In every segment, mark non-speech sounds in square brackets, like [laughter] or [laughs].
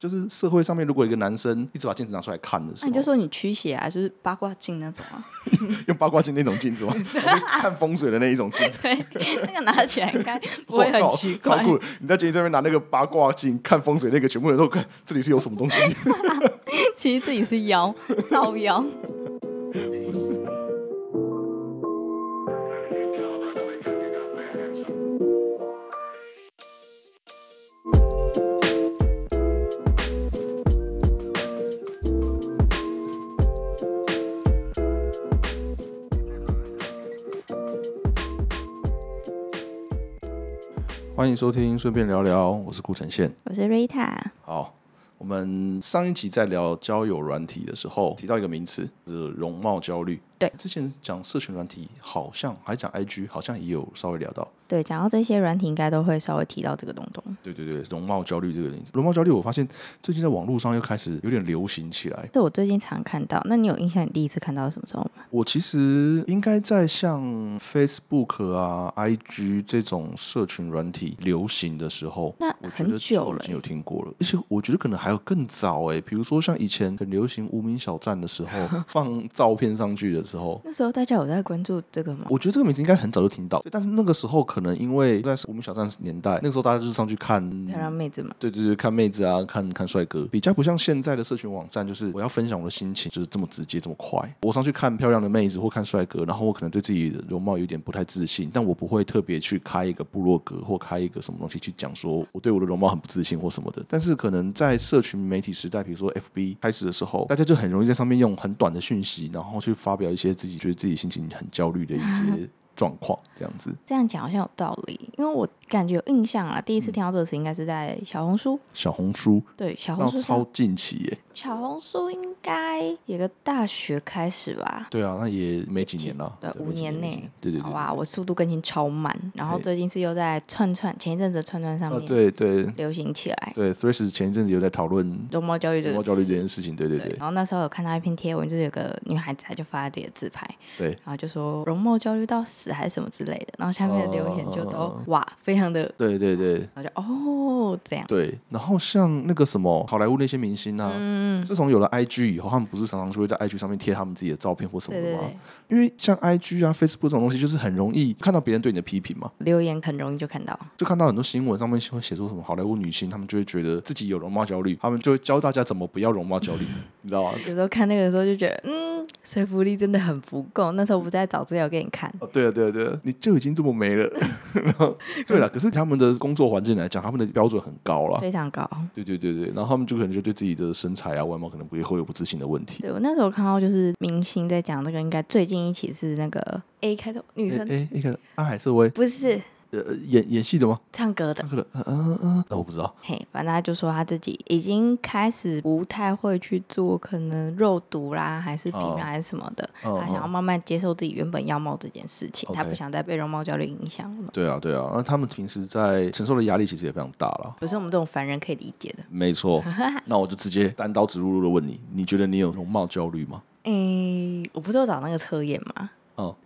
就是社會上面，如果一個男生一直把鏡子拿出來看的時候，啊，你就說你驅邪啊，就是八卦鏡那種啊， [laughs] 用八卦鏡那種鏡子嗎？ [laughs] 看風水的那一種鏡子，子 [laughs] [laughs] 那個拿起來應該不會很奇怪。超酷！你在街上面拿那個八卦鏡看風水，那個全部人都看這裡是有什麼東西。 [laughs] [laughs] 其實自己是妖，造妖。 [laughs] 歡迎收聽，順便聊聊。我是顧承憲，我是 Rita。好，我們上一集在聊交友軟體的時候，提到一個名詞就是容貌焦慮。對，之前講社群軟體，好像還講 IG，好像也有稍微聊到。對，講到這些軟體，應該都會稍微提到這個東東。對對對，容貌焦慮這個東西，容貌焦慮，我發現最近在網絡上又開始有點流行起來。對我最近常看到，那你有印象？你第一次看到什麼時候嗎？我其實應該在像 Facebook 啊、IG 這種社群軟體流行的時候，那很久了，我已經有聽過了。而且我覺得可能還有更早哎、欸，比如說像以前很流行無名小站的時候，放照片上去的時候。 [laughs] 時候，那時候大家有在關注這個嗎？我覺得這個名字應該很早就聽到，但是那個時候可能因為在無名小站的年代，那個時候大家就是上去看漂亮妹子嘛，對對對，看妹子啊，看看帥哥，比較不像現在的社群網站，就是我要分享我的心情，就是這麼直接這麼快。我上去看漂亮的妹子或看帥哥，然後我可能對自己的容貌有點不太自信，但我不會特別去開一個部落格或開一個什麼東西去講說我對我的容貌很不自信或什麼的。但是可能在社群媒體時代，比如說 FB 開始的時候，大家就很容易在上面用很短的訊息，然後去發表一些。些自己覺得自己心情很焦慮的一些。狀況這樣子，這樣講好像有道理，因為我感覺有印象啊，第一次聽到這個詞應該是在小紅書。嗯、小紅書，對小紅書超近期耶。小紅書應該有個大學開始吧？對啊，那也沒幾年了，對，對五年內。對對對，哇，我速度更新超慢。然後最近是又在串串，前一陣子串串上面，對對，流行起來。呃、對，對，對，所以是前一陣子有在討論容貌焦慮，容貌焦慮這件事情，對對對，對。然後那時候有看到一篇貼文，就是有個女孩子她就發自己的自拍，對，然後就說容貌焦慮到死。還是什麼之類的，然後下面的留言就都、啊、哇，非常的對對對，然後就哦這樣對，然後像那個什麼好萊塢那些明星啊、嗯，自從有了 IG 以後，他們不是常常就會在 IG 上面貼他們自己的照片或什麼嗎對對對？因為像 IG 啊、Facebook 這種東西，就是很容易看到別人對你的批評嘛，留言很容易就看到，就看到很多新聞上面會寫出什麼好萊塢女星，他們就會覺得自己有容貌焦慮，他們就會教大家怎麼不要容貌焦慮， [laughs] 你知道嗎？有時候看那個的時候就覺得，嗯，說服力真的很不夠。那時候我不是在找資料給你看，哦、對、啊、對。對，對對，你就已經這麼美了。 [laughs] 然後對了，可是他們的工作環境來講， [laughs] 他們的標準很高了，非常高。對對對對，然後他們就可能就對自己的身材啊、外貌可能不會會有不自信的問題。對我那時候看到就是明星在講那、這個，應該最近一期是那個 A 開頭女生，A A, A 開頭。阿、啊、海瑟薇，不是。呃，演演戲的嗎？唱歌的。嗯嗯，那、嗯嗯、哦、我不知道。嘿、hey,，反正他就說他自己已經開始不太會去做，可能肉毒啦，還是皮秒，還是什麼的、嗯。他想要慢慢接受自己原本樣貌這件事情、嗯嗯，他不想再被容貌焦慮影響了。Okay. 對啊，對啊，那他們平時在承受的壓力其實也非常大了。可是我們這種凡人可以理解的。沒錯。 [laughs] 那我就直接單刀直入入的問你，你覺得你有容貌焦慮嗎？嗯，我不是有找那個測驗嗎？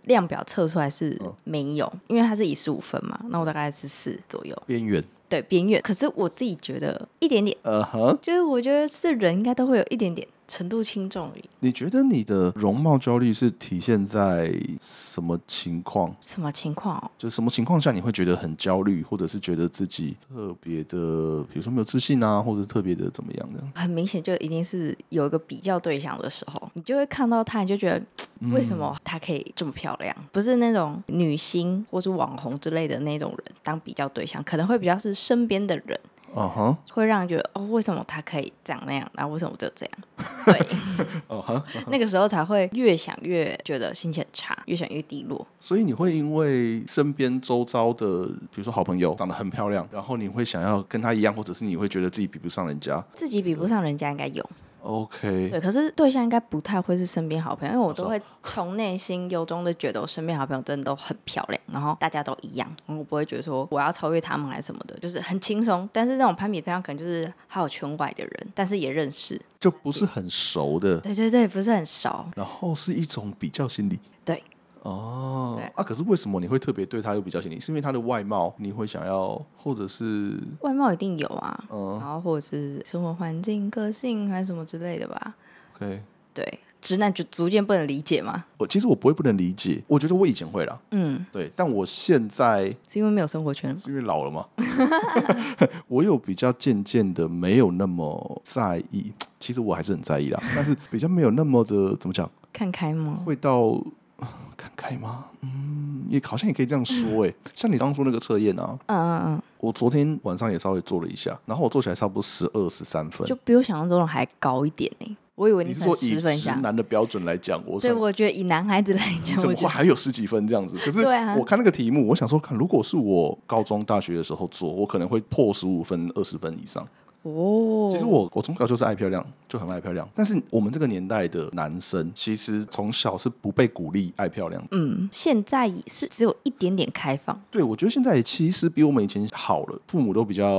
量表測出來是沒有，哦，因為它是以十五分嘛，那我大概是四左右，邊緣。對，邊緣，可是我自己覺得一點點，呃哼，就是我覺得是人應該都會有一點點程度輕重而已。你覺得你的容貌焦慮是體現在什麼情況？什麼情況哦？就什麼情況下你會覺得很焦慮，或者是覺得自己特別的，比如說沒有自信啊，或者特別的怎麼樣的？很明顯，就一定是有一個比較對象的時候，你就會看到他，你就覺得為什麼他可以這麼漂亮？嗯。不是那種女星或是網紅之類的那種人當比較對象，可能會比較是。身邊的人，哦哈，會讓你覺得哦，為什麼他可以這樣那樣，然後為什麼我就這樣？對，哦哈，那個時候才會越想越覺得心情很差，越想越低落。所以你會因為身邊周遭的，比如說好朋友長得很漂亮，然後你會想要跟他一樣，或者是你會覺得自己比不上人家，自己比不上人家應該有。OK，對，可是對象應該不太會是身邊好朋友，因為我都會從內心由衷的覺得我身邊好朋友真的都很漂亮，然後大家都一樣，我不會覺得說我要超越他們來什麼的，就是很輕鬆。但是這種攀比對象可能就是還有圈外的人，但是也認識，就不是很熟的。對對，對對對，不是很熟。然後是一種比較心理。對。哦、啊，啊，可是為什麼你會特別對他有比較心理？是因為他的外貌，你會想要，或者是外貌一定有啊，嗯，然後或者是生活環境、個性還是什麼之類的吧？OK，對，直男就逐漸不能理解嘛。我、呃、其實我不會不能理解，我覺得我以前會了，嗯，對，但我現在是因為沒有生活圈子，是因為老了嗎？ [laughs] [laughs] 我有比較漸漸的沒有那麼在意，其實我還是很在意啦，但是比較沒有那麼的 [laughs] 怎麼講，看開嗎？會到。感慨嗎？嗯，你好像也可以這樣說哎、欸， [laughs] 像你當初那個測驗呢，嗯嗯嗯，我昨天晚上也稍微做了一下，然後我做起來差不多十二十三分，就比我想象中的還高一點誒、欸。我以為你是說以直男的標準來講，我所以我覺得以男孩子來講， [laughs] 怎麼會還有十幾分這樣子？可是我看那個題目，我想說，看如果是我高中大學的時候做，我可能會破十五分、二十分以上。哦、oh，其實我我從小就是愛漂亮，就很愛漂亮。但是我們這個年代的男生，其實從小是不被鼓勵愛漂亮的。嗯，現在是只有一點點開放。對，我覺得現在其實比我們以前好了，父母都比較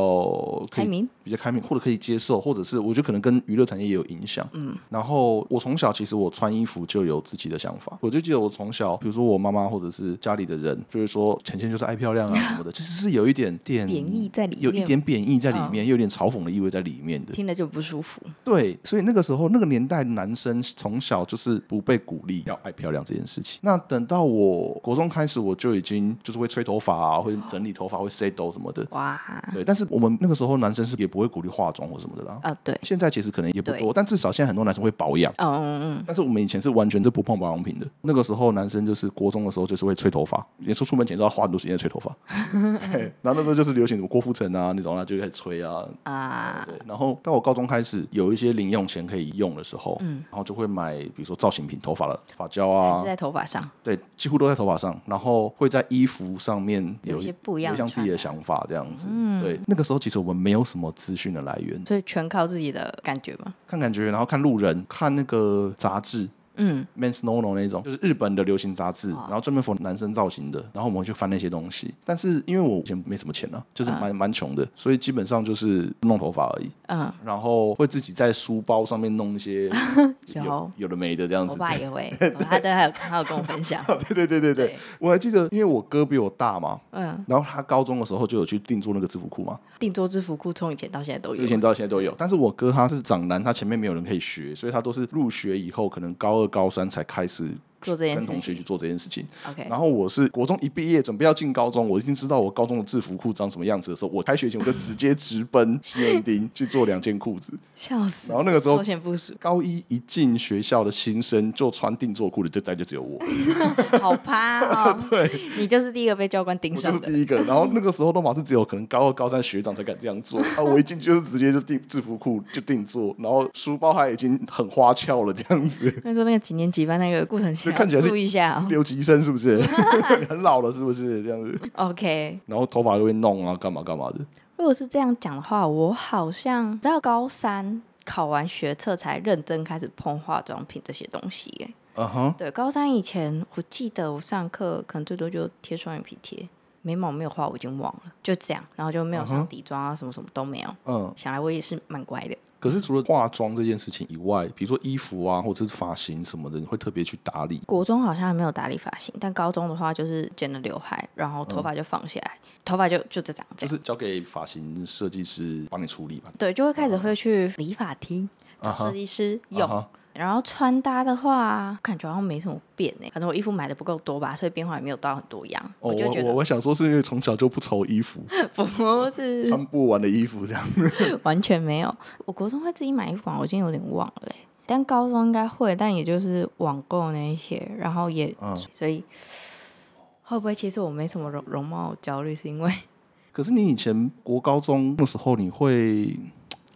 開明，比較開明，或者可以接受，或者是我覺得可能跟娛樂產業也有影響。嗯，然後我從小其實我穿衣服就有自己的想法。我就記得我從小，比如說我媽媽或者是家裡的人，就是說前前就是愛漂亮啊什麼的， [laughs] 其實是有一點點貶義在裡面，有一點貶義在裡面，哦、有點嘲諷的意、哦。意味在裡面的，聽了就不舒服。對，所以那個時候，那個年代，男生從小就是不被鼓勵要愛漂亮這件事情。那等到我國中開始，我就已經就是會吹頭髮啊，會整理頭髮，哦、會塞豆什麼的。哇，對。但是我們那個時候男生是也不會鼓勵化妝或什麼的啦。啊，對。嗯、現在其實可能也不多，但至少現在很多男生會保養。哦、嗯嗯，但是我們以前是完全是不碰保養品的。那個時候男生就是國中的時候就是會吹頭髮，連出出門前都要花很多時間吹頭髮。 [laughs] [laughs] 然後那時候就是流行什麼郭富城啊那種啊，就開始吹啊啊。啊對，然後到我高中開始有一些零用錢可以用的時候，嗯，然後就會買，比如說造型品、頭髮的髮膠啊，是在頭髮上，對，幾乎都在頭髮上，然後會在衣服上面有，有一些不一樣，有像自己的想法這樣子，嗯，對，那個時候其實我們沒有什麼資訊的來源，所以全靠自己的感覺嘛，看感覺，然後看路人，看那個雜誌。嗯，men's non-no 那一種就是日本的流行雜誌，哦，然後專門 for 男生造型的，然後我們去翻那些東西。但是因為我以前沒什麼錢了、啊，就是蠻、嗯、蠻窮的，所以基本上就是弄頭髮而已。嗯，然後會自己在書包上面弄一些、嗯、有有的沒的這樣子。我 [laughs] 爸也會， [laughs] 對他都還有，他有跟我分享。 [laughs] 對對對對對，對，我還記得，因為我哥比我大嘛，嗯，然後他高中的時候就有去定做那個制服褲嘛。定做制服褲從以前到現在都有，以前到現在都有。 [laughs] 但是我哥他是長男，他前面沒有人可以學，所以他都是入學以後可能高二。高三才開始。做這件，跟同學去做這件事情。OK，然後我是國中一畢業準備要進高中，我已經知道我高中的制服褲長什麼樣子的時候，我開學前我就直接直奔西門町去做兩件褲子，笑死！然後那個時候高一一進學校的新生就穿定做褲的，就帶就只有我， [laughs] 好怕哦！ [laughs] 對，你就是第一個被教官盯上的就是第一個。然後那個時候都馬上只有可能高二高三學長才敢這樣做啊！ [laughs] 我一進去就是直接就定制服褲就定做，然後書包還已經很花俏了這樣子。那時候那個幾年級班那個顧承軒。看起來是留級生，是不是？ [laughs] [laughs] 很老了，是不是這樣子？OK。然後頭髮就會弄啊，幹嘛幹嘛的。如果是這樣講的話，我好像到高三考完學測才認真開始碰化妝品這些東西，欸，哎。嗯哼。對，高三以前我記得我上課可能最多就貼雙眼皮貼，眉毛沒有畫，我已經忘了，就這樣。然後就沒有上底妝啊，什麼什麼都沒有。嗯、uh-huh.。想來我也是蠻乖的。可是除了化妝這件事情以外，比如說衣服啊，或者是髮型什麼的，你會特別去打理？國中好像還沒有打理髮型，但高中的話就是剪了劉海，然後頭髮就放下來，嗯、頭髮就就這樣子。就是交給髮型設計師幫你處理嘛？對，就會開始會去理髮廳找設計師用。有、啊。啊然後穿搭的話，感覺好像沒什麼變呢。可能我衣服買的不夠多吧，所以變化也沒有到很多樣。哦、我就覺得我，我想說是因為從小就不愁衣服，不 [laughs] 是穿不完的衣服這樣。 [laughs] 完全沒有，我國中會自己買衣服嗎？我已經有點忘了。但高中應該會，但也就是網購那些。然後也，嗯、所以會不會其實我沒什麼容容貌焦慮，是因為？可是你以前國高中的時候，你會？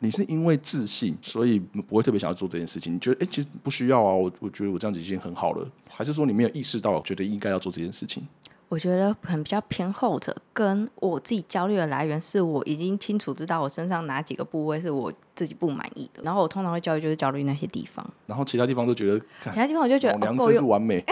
你是因為自信，所以不會特別想要做這件事情。你覺得，哎、欸，其實不需要啊，我我覺得我這樣子已經很好了。還是說你沒有意識到，我覺得應該要做這件事情？我覺得很比較偏後者，跟我自己焦慮的來源是我已經清楚知道我身上哪幾個部位是我自己不滿意的，然後我通常會焦慮就是焦慮那些地方，然後其他地方都覺得其他地方我就覺得夠用，哦、是完美，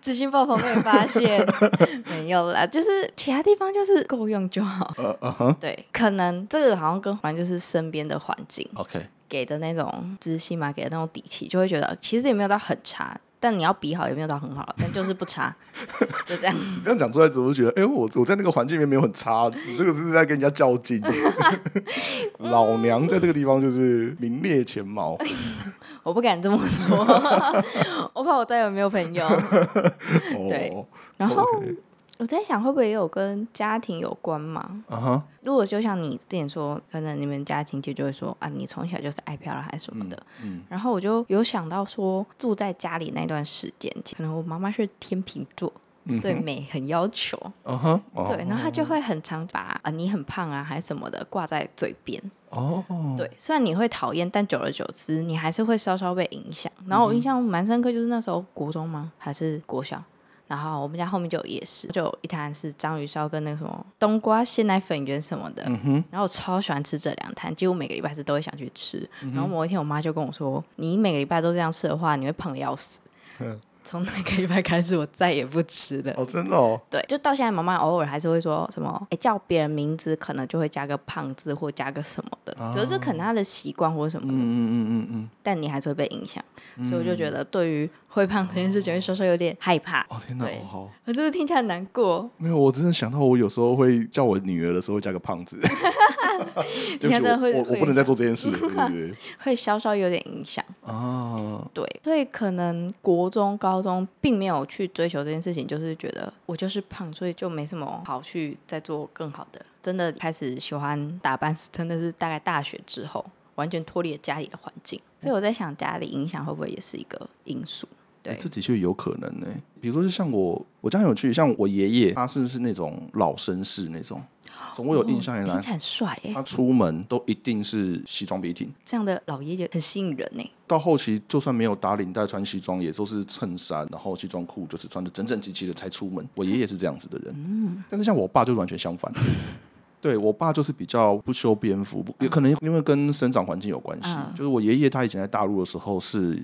自 [laughs] 信 [laughs] [laughs] 爆棚被發現 [laughs] [laughs] 沒有了啦，就是其他地方就是夠用就好，uh-huh. 對，可能這個好像跟反正就是身邊的環境，OK，給的那種自信嘛，給的那種底氣，就會覺得其實也沒有到很差。但你要比好也沒有到很好， [laughs] 但就是不差， [laughs] 就這樣。你這樣講出來，總是覺得，哎、欸，我我在那個環境裡面沒有很差，你 [laughs] 這個是在跟人家較勁。 [laughs] [laughs] 老娘在這個地方就是名列前茅 [laughs] ， [laughs] 我不敢這麼說， [laughs] [laughs] 我怕我再也沒有朋友。 [laughs] 對，oh, 然後。Okay. 我在想，會不會也有跟家庭有關嘛？Uh -huh. 如果就像你之前說，可能你們家親戚就會說啊，你從小就是愛漂亮還是什麼的、嗯嗯。然後我就有想到說，住在家裡那段時間，可能我媽媽是天秤座，uh -huh. 對美很要求。Uh -huh. oh. 對，然後她就會很常把啊你很胖啊還是什麼的掛在嘴邊。哦、oh.，對，雖然你會討厭，但久而久之你還是會稍稍被影響。然後我印象蠻深刻，就是那時候國中嗎？還是國小？然後我們家後面就有夜市，就有一攤是章魚燒跟那個什麼冬瓜鮮奶粉圓什麼的。嗯哼、然後我超喜歡吃這兩攤，幾乎每個禮拜是都會想去吃、嗯哼。然後某一天我媽就跟我說：“你每個禮拜都這樣吃的話，你會胖的要死。嗯哼”從那個禮拜開始，我再也不吃了。哦，真的哦。對，就到現在，媽媽偶爾還是會說什麼，哎、欸，叫別人名字可能就會加個胖字或加個什麼的，只、啊、是可能他的習慣或什麼的。嗯嗯嗯嗯但你還是會被影響、嗯，所以我就覺得對於會胖這件事情，稍稍有點害怕。哦,哦天哪哦好。我是不是聽起來難過？沒有，我真的想到我有時候會叫我女兒的時候會加個胖子。 [laughs] 你 [laughs] 看不起，真的會，我 [laughs] 我不能再做這件事， [laughs] 對，對，對 [laughs] 會稍稍有點影響啊。對，所以可能國中、高中並沒有去追求這件事情，就是覺得我就是胖，所以就沒什麼好去再做更好的。真的開始喜歡打扮，真的是大概大學之後，完全脫離了家裡的環境、嗯。所以我在想，家裡影響會不會也是一個因素？嗯、對、欸，這的確有可能呢、欸。比如說，像我，我家很有趣，像我爺爺，他是不是那種老紳士那種？總會有印象以來，他出門都一定是西裝筆挺，這樣的老爺爺很吸引人呢。到後期就算沒有打領帶穿西裝，也都是襯衫，然後西裝褲，就是穿的整整齊齊的才出門。我爺爺是這樣子的人，但是像我爸就完全相反。對，我爸就是比較不修邊幅，也可能因為跟生長環境有關係。就是我爺爺他以前在大陸的時候是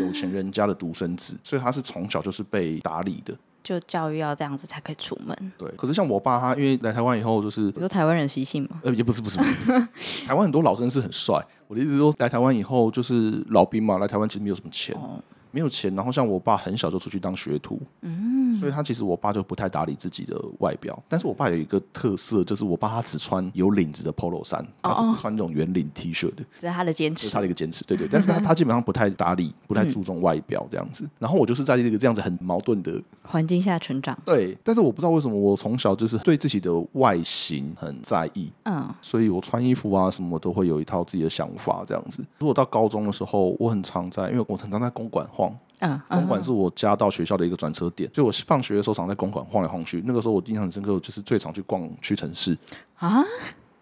有錢人家的獨生子，所以他是從小就是被打理的。就教育，要這樣子才可以出門。對，可是像我爸他，因為來台灣以後就是，你說台灣人習性嘛？呃，也不是，不是不是。 [laughs] 台灣很多老紳士很帥。我的意思說，來台灣以後就是老兵嘛，來台灣其實沒有什麼錢。哦沒有錢，然後像我爸很小就出去當學徒，嗯，所以他其實我爸就不太打理自己的外表。但是我爸有一個特色，就是我爸他只穿有領子的 Polo 衫，哦，他是不穿這種圓領 T 恤的，這是他的堅持，就是，他的一個堅持，對對。但是他 [laughs] 他基本上不太打理，不太注重外表、嗯、這樣子。然後我就是在這個這樣子很矛盾的環境下成長，對。但是我不知道為什麼我從小就是對自己的外形很在意，嗯，所以我穿衣服啊什麼都會有一套自己的想法這樣子。如果到高中的時候，我很常在，因為我常常在公館。晃啊，uh, uh -huh. 公館是我家到學校的一個轉車點，所以我放學的時候常在公館晃來晃去。那個時候我印象很深刻，就是最常去逛屈臣氏啊。Uh -huh.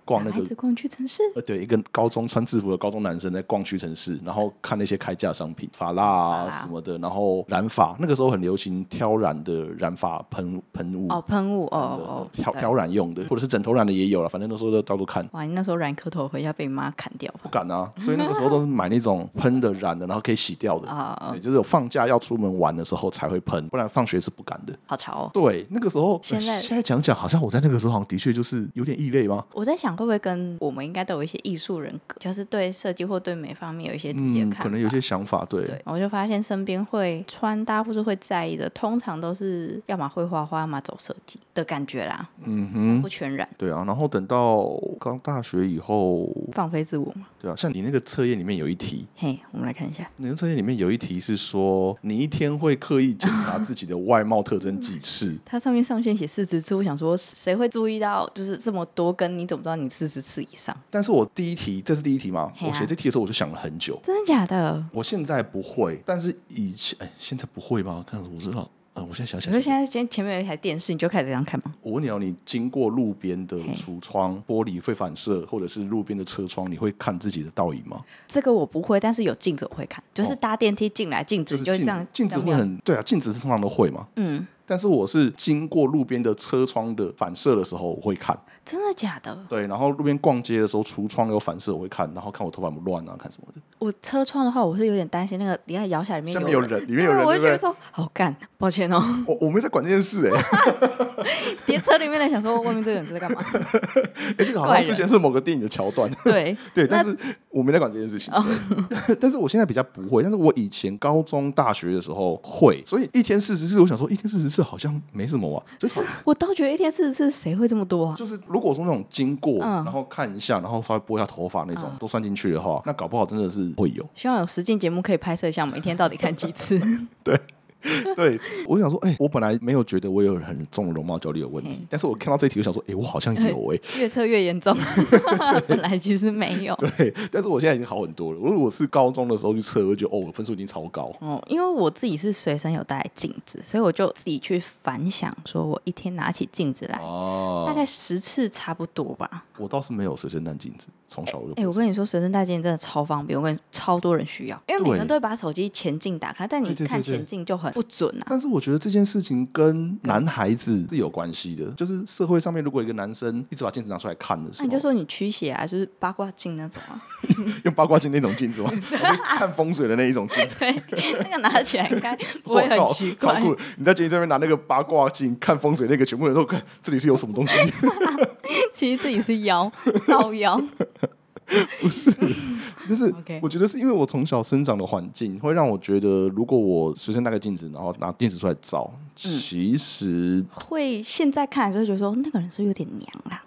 逛那個逛屈臣氏，呃，對，一個高中穿制服的高中男生在逛屈臣氏，然後看那些開架商品，髮蠟啊，啊什麼的，然後染髮，那個時候很流行挑染的染髮噴噴霧，哦，噴霧，哦哦，挑挑染用的，或者是枕頭染的也有了，反正那時候都到處看。哇，你那時候染額頭，回家被你媽砍掉？不敢啊，所以那個時候都是買那種噴的染 [laughs] 的，然後可以洗掉的，對，就是有放假要出門玩的時候才會噴，不然放學是不敢的。好潮哦！對，那個時候現在現在講講，好像我在那個時候好像的確就是有點異類嗎？我在想。會不會跟我們應該都有一些藝術人格，就是對設計或對美方面有一些自己的看法、嗯、可能有些想法對。對，我就發現身邊會穿搭或是會在意的，通常都是要麼會畫畫，要麼走設計的感覺啦。嗯哼，不全然。對啊，然後等到剛大學以後，放飛自我嘛。對啊，像你那個測驗裡面有一題，嘿，我們來看一下。你、那個、測驗裡面有一題是說，你一天會刻意檢查自己的外貌特徵幾次？它、 [laughs] 嗯、上面上限寫四十次，我想說誰會注意到就是這麼多根？跟你怎麼知道你？四十次以上，但是我第一題，這是第一題嗎？啊、我寫這題的時候我就想了很久，真的假的？我現在不會，但是以前，哎，現在不會吧？看我知道，嗯、啊，我現在想要想，我現在，今前面有一台電視，你就開始這樣看嗎？我問你、啊，你經過路邊的櫥窗玻璃會反射，或者是路邊的車窗，你會看自己的倒影嗎？這個我不會，但是有鏡子我會看，就是搭電梯進來，鏡子你就是這樣，鏡、哦就是、子，子會很對啊，鏡子是通常都會嘛，嗯。但是我是經過路邊的車窗的反射的時候，我會看。真的假的？對，然後路邊逛街的時候，櫥窗有反射，我會看，然後看我頭髮不亂啊，看什麼的。我車窗的話，我是有點擔心那個底下搖下來裡面有，有下面有人，裡面有人，對不對？我會覺得說好干，抱歉哦。我我沒在管這件事哎、欸，你 [laughs] 車裡面的人想說外面這個人是在幹嘛？哎、 [laughs] 欸，這個好像之前是某個電影的橋段。 [laughs] 對對，但是我沒在管這件事情。 [laughs] [laughs] 但是我現在比較不會，但是我以前高中、大學的時候會，所以一天四十次，我想說一天四十。這好像沒什麼吧，就是，是我倒覺得一天四十次誰會這麼多啊？就是如果說那種經過、嗯，然後看一下，然後稍微撥一下頭髮那種、嗯，都算進去的話，那搞不好真的是會有。希望有實境節目可以拍攝一下，每一天到底看幾次？ [laughs] 對。 [laughs] 對，我想說，哎、欸，我本來沒有覺得我有很重的容貌焦慮的問題，但是我看到這一題，我想說，哎、欸，我好像有哎、欸。越測越嚴重。 [laughs] 本來其實沒有。對，但是我現在已經好很多了。我如果是高中的時候去測，我就覺得哦，我分數已經超高。哦，因為我自己是隨身有帶鏡子，所以我就自己去反想，說我一天拿起鏡子來、啊，大概十次差不多吧。我倒是沒有隨身帶鏡子，從小就。哎、欸，我跟你說，隨身帶鏡子真的超方便，我跟你超多人需要，因為每個人都會把手機前鏡打開，但你看前鏡就很。不準啊！但是我覺得這件事情跟男孩子是有關係的、嗯，就是社會上面如果一個男生一直把鏡子拿出來看的時候、啊，你就說你驅邪啊，就是八卦鏡那種啊？ [laughs] 用八卦鏡那種鏡子嗎？ [laughs] 看風水的那一種鏡子？ [laughs] [laughs] 對，那個拿起來應該不會很奇怪。 [laughs] 你在街這邊拿那個八卦鏡看風水，那個全部人都看這裡是有什麼東西？ [laughs] [laughs] 其實這裡是妖造妖。 [laughs] [laughs] 不是，就是，我覺得是因為我從小生長的環境、okay. 會讓我覺得，如果我隨身帶個鏡子，然後拿鏡子出來照、嗯，其實會現在看來就會覺得說，那個人是有點娘啦。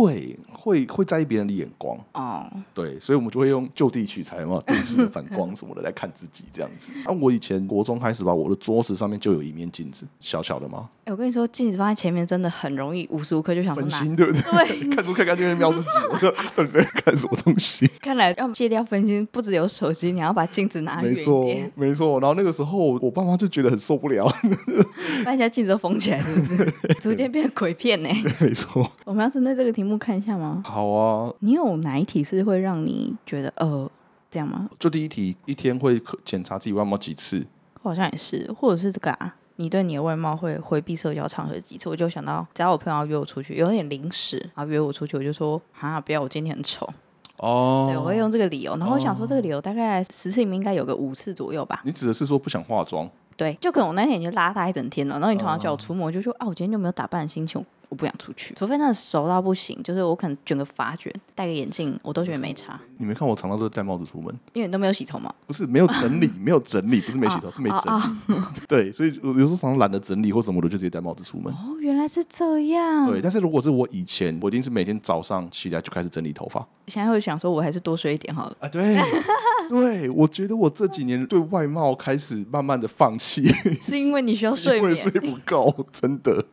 對，會會在意別人的眼光哦。Oh. 對，所以我們就會用就地取材嘛，電視反光什麼的 [laughs] 來看自己這樣子。啊，我以前國中開始吧，我的桌子上面就有一面鏡子，小小的嘛。哎、欸，我跟你說，鏡子放在前面真的很容易，無時無刻就想分心，對不對？對， [laughs] [laughs] 看書看看就瞄自己，對，我到底在看什麼東西？ [laughs] 看來要戒掉分心，不只有手機，你要把鏡子拿遠點，沒錯，沒錯。然後那個時候，我爸媽就覺得很受不了，把那家鏡子都封起來，是不是？ [laughs] 逐漸變成鬼片呢、欸？沒錯， [laughs] 我們要針對這個題。題目看一下嗎？好啊。你有哪一題是會讓你覺得呃這樣嗎？就第一題，一天會檢查自己外貌幾次？我好像也是，或者是這個啊？你對你的外貌會回避社交場合幾次？我就想到，只要我朋友約我出去，有點臨時啊，然後約我出去，我就說啊，不要，我今天很醜哦。對，我會用這個理由。然後我想說，這個理由、哦、大概十次裡面應該有個五次左右吧。你指的是說不想化妝？對，就可能我那天已經邋遢一整天了，然後你突然叫我出門，我就說啊，我今天就沒有打扮心情，我不想出去，除非那熟到不行。就是我可能卷個髮捲，戴個眼鏡，我都覺得沒差。你沒看我常常都戴帽子出門，因為你都沒有洗頭嗎？不是沒有整理， [laughs] 沒有整理，不是沒洗頭， [laughs] 是沒整理。 [laughs] 對，所以有時候常常懶得整理或什麼的，我就直接戴帽子出門。哦，原來是這樣。對，但是如果是我以前，我一定是每天早上起來就開始整理頭髮。現在會想說，我還是多睡一點好了。啊，對， [laughs] 對，我覺得我這幾年對外貌開始慢慢的放棄，是因為你需要睡眠 [laughs] 睡不夠，真的。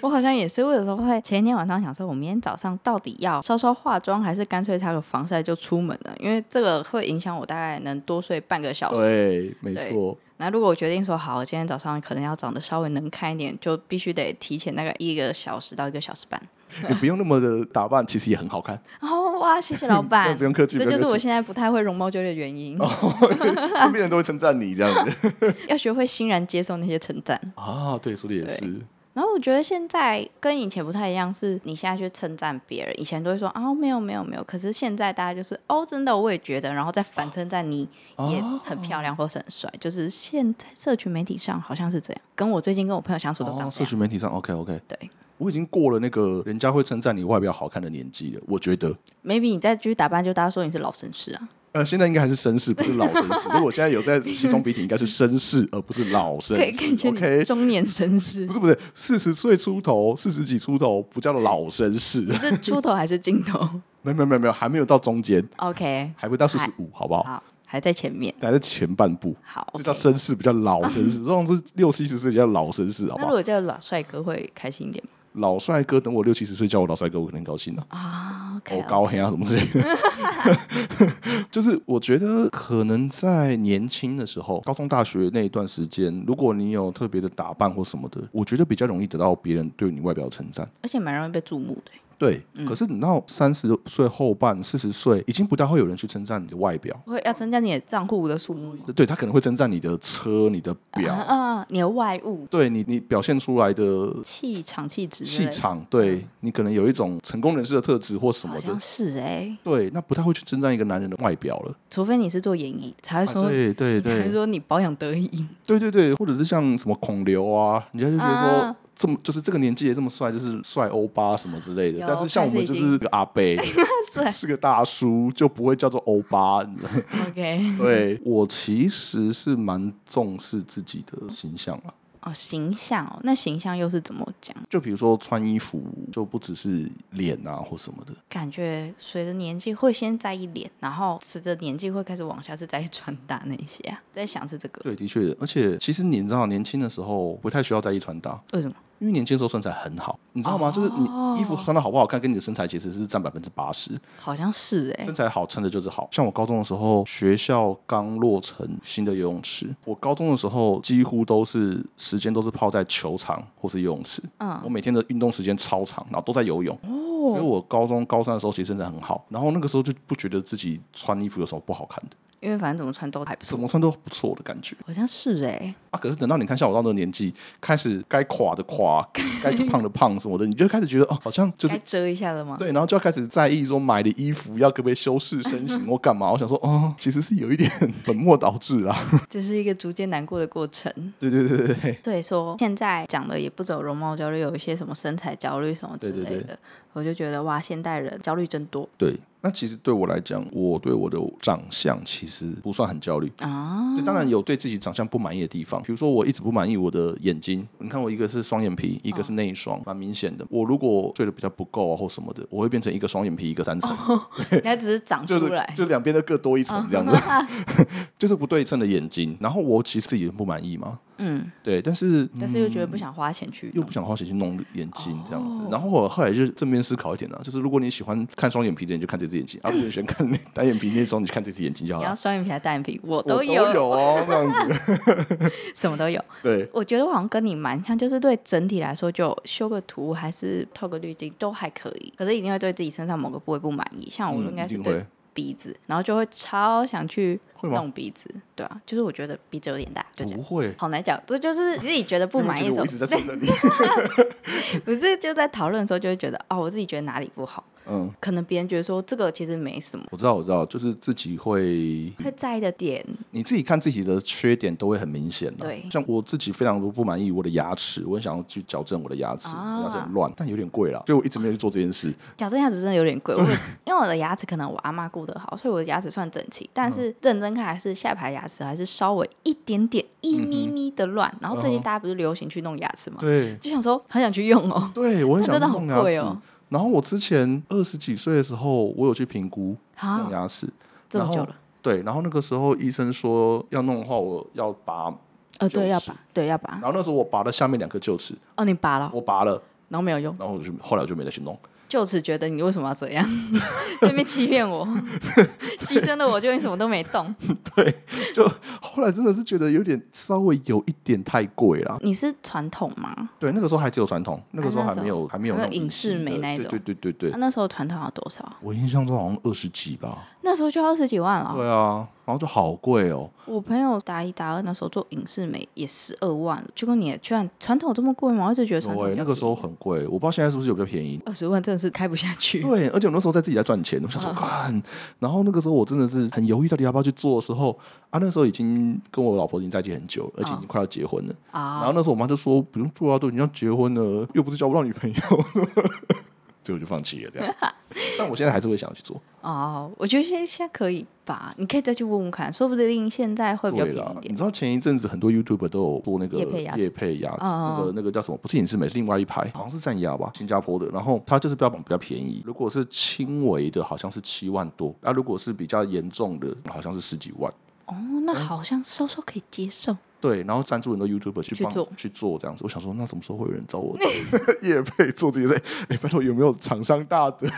我好像也是，有時候會前一天晚上想說，我明天早上到底要稍稍化妝，還是乾脆擦個防曬就出門了？因為這個會影響我大概能多睡半個小時。對，沒錯。那如果我決定說好，我今天早上可能要長得稍微能看一點，就必須得提前大概一個小時到一個小時半。你不用那麼的打扮， [laughs] 其實也很好看。哦哇，謝謝老闆， [laughs] 不用客氣。這就是我現在不太會容貌焦慮的原因。哦、 [laughs] [laughs] 身邊人都會稱讚你這樣子， [laughs] [laughs] 要學會欣然接受那些稱讚。啊，對，說得也是。然後我覺得現在跟以前不太一樣，是你現在去稱讚別人，以前都會說啊沒有沒有沒有，可是現在大家就是哦真的我也覺得，然後再反稱讚你也很漂亮或是很帥、哦，就是現在社群媒體上好像是這樣，跟我最近跟我朋友相處都這樣、哦。社群媒體上，OK OK，對，我已經過了那個人家會稱讚你外表好看的年紀了，我覺得。maybe 你再繼續打扮，就是、大家說你是老紳士啊。呃，現在應該還是紳士，不是老紳士。 [laughs] 如果我現在有在西裝筆挺，應該是紳士， [laughs] 而不是老紳士。O K，中年紳士、okay? 不是不是四十歲出頭，四十幾出頭不叫老紳士。是出頭還是盡頭？ [laughs] 沒有沒有沒有還沒有到中間。O、okay, K，還不到四十五，好不好,好？還在前面，還在前半部。好，okay、這叫紳士，不叫老紳士。這 [laughs] 種是六七十歲叫老紳士，好不好？如果叫老帥哥會開心一點嗎？老帥哥，等我六七十歲叫我老帥哥，我肯定高興了啊！我高黑啊，什麼之類的。就是我覺得可能在年輕的時候，高中、大學那一段時間，如果你有特別的打扮或什麼的，我覺得比較容易得到別人對你外表的稱讚，而且蠻容易被注目的。對、嗯，可是你到三十歲後半、四十歲，已經不太會有人去稱讚你的外表。會要稱讚你的賬戶的數目。對，他可能會稱讚你的車、你的表、啊，啊你的外物。對你，你表現出來的氣場氣質的、氣質、氣場，對你可能有一種成功人士的特質或什麼的。是哎、欸，對，那不太會去稱讚一個男人的外表了，除非你是做演藝，才會說對對、啊、對，對對才會說你保養得宜。對對對，或者是像什麼孔劉啊，人家就覺得說。啊這麼就是這個年紀也這麼帥，就是帥歐巴什麼之類的。但是像我們就是個阿伯，是個大叔， [laughs] 就不會叫做歐巴，你知道嗎？OK，對，我其實是蠻重視自己的形象了。哦，形象、哦，那形象又是怎麼講？就比如說穿衣服，就不只是臉啊或什麼的。感覺隨着年紀會先在意臉，然後隨着年紀會開始往下去在意穿搭那些、啊。在想是這個，對，的確。而且其實你知道，年輕的時候不太需要在意穿搭，為什麼？因為年輕時候身材很好，你知道嗎？哦、就是你衣服穿的好不好看，跟你的身材其實是佔百分之八十。好像是誒、欸，身材好撐的就是好。像我高中的時候，學校剛落成新的游泳池，我高中的時候幾乎都是時間都是泡在球場或是游泳池。嗯，我每天的運動時間超長，然後都在游泳。哦，所以我高中高三的時候其實身材很好，然後那個時候就不覺得自己穿衣服有什麼不好看的。因為反正怎麼穿都還不錯，怎麼穿都不錯的感覺，好像是哎、欸、啊！可是等到你看像我到這個年紀，開始該垮的垮， [laughs] 該胖的胖什麼的，你就開始覺得哦，好像就是遮一下了嘛。對，然後就要開始在意說買的衣服要可不可以修飾身形或幹嘛？ [laughs] 我想說哦，其實是有一點粉末導致啦，這、就是一個逐漸難過的過程。對對對對對，對說現在講的也不走容貌焦慮，有一些什麼身材焦慮什麼之類的。對對對我就覺得哇，現代人焦慮真多。對，那其實對我來講，我對我的長相其實不算很焦慮啊對。當然有對自己長相不滿意的地方，比如說我一直不滿意我的眼睛。你看我一個是雙眼皮，一個是內雙，哦、蠻明顯的。我如果睡得比較不夠啊，或什麼的，我會變成一個雙眼皮，一個三層、哦。應該只是長出來，就是就是、兩邊的各多一層這樣子，哦、 [laughs] 就是不對稱的眼睛。然後我其實也很不滿意嘛。嗯，對，但是、嗯、但是又覺得不想花錢去，又不想花錢去弄眼睛這樣子、哦。然後我後來就是正面思考一點呢，就是如果你喜歡看雙眼皮的你就看這只眼睛，而、嗯、不喜歡看單眼皮那種，你就看這只眼睛就好了。你要雙眼皮還是單眼皮？我都有我都有哦，這樣子 [laughs] [laughs] 什麼都有。對，我覺得我好像跟你蠻像，就是對整體來說，就修個圖還是透個濾鏡都還可以，可是一定會對自己身上某個部位不滿意。像我應該是對鼻子、嗯會，然後就會超想去。會弄鼻子，對啊，就是我覺得鼻子有點大，就這樣不會，好難講，這就，就是自己覺得不滿意的時候。不是就在討論的時候就會覺得，哦，我自己覺得哪裡不好，嗯，可能別人覺得說這個其實沒什麼。我知道，我知道，就是自己會會在意的點，你自己看自己的缺點都會很明顯。對，像我自己非常多不滿意我的牙齒，我很想要去矯正我的牙齒，啊、牙齒很亂，但有點貴啦，所以我一直沒有去做這件事。矯正牙齒真的有點貴，因為我的牙齒可能我阿嬤顧得好，所以我的牙齒算整齊，但是認真。分開還是下排牙齒，還是稍微一點點一咪咪的亂，嗯。然後最近大家不是流行去弄牙齒嗎？嗯、對，就想說很想去用哦。對，我很想弄牙齒。然後我之前二十幾歲的時候，我有去評估弄牙齒，然後這麼久了。對，然後那個時候醫生說要弄的話，我要拔。呃，對，要拔，對，要拔。然後那時候我拔了下面兩顆臼齒。哦，你拔了？我拔了。然後沒有用，然後我就後來我就沒再行動，就此覺得你為什麼要這樣？ [laughs] 對面欺騙我，犧 [laughs] 牲了我，就你什麼都沒動。 [laughs] 對，就後來真的是覺得有點稍微有一點太貴了。你是傳統嗎？對，那個時候還只有傳統，那個時候還沒有、啊，還，沒有，還沒，有有沒有影視美那一種。對對對對，對，對、啊，那時候傳統要多少？我印象中好像二十幾吧，那時候就二十幾萬了。對啊。然後就好貴哦，我朋友大一、大二那時候做隱適美也十二萬，就跟你，居然傳統這麼貴嗎？我一直覺得傳統比較、喔欸、那個時候很貴，我不知道現在是不是有比較便宜。二十萬真的是開不下去。對，而且我那時候在自己在賺錢，我想說，然後那個時候我真的是很猶豫，到底要不要去做的時候啊，那時候已經跟我老婆已經在一起很久，而且已經快要結婚了。然後那時候我媽就說：“不用做啊，都已經要結婚了，又不是交不到女朋友、嗯。 [laughs] ”所以我就放棄了這樣，但我現在還是會想要去做 [laughs] 哦。我覺得現現在可以吧，你可以再去問問看，說不定現在會比較便宜一點。你知道前一陣子很多 YouTuber 都有播那個業配牙齒、哦，那個、哦、那個叫什麼？不是隱適美，是另外一排？好像是占牙吧，新加坡的。然後它就是標榜比較便宜，如果是輕微的，好像是七萬多；那、啊、如果是比較嚴重的，好像是十幾萬。哦，那好像稍稍可以接受。對，然後贊助很多 YouTuber 去幫去做，去，做去做這樣子，我想說，那什麼時候會有人找我業 [laughs] 配做這些事？哎、欸，拜託，有沒有廠商大的？